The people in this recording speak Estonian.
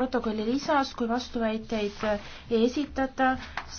protokolli lisas, kui vastuväiteid ei esitata,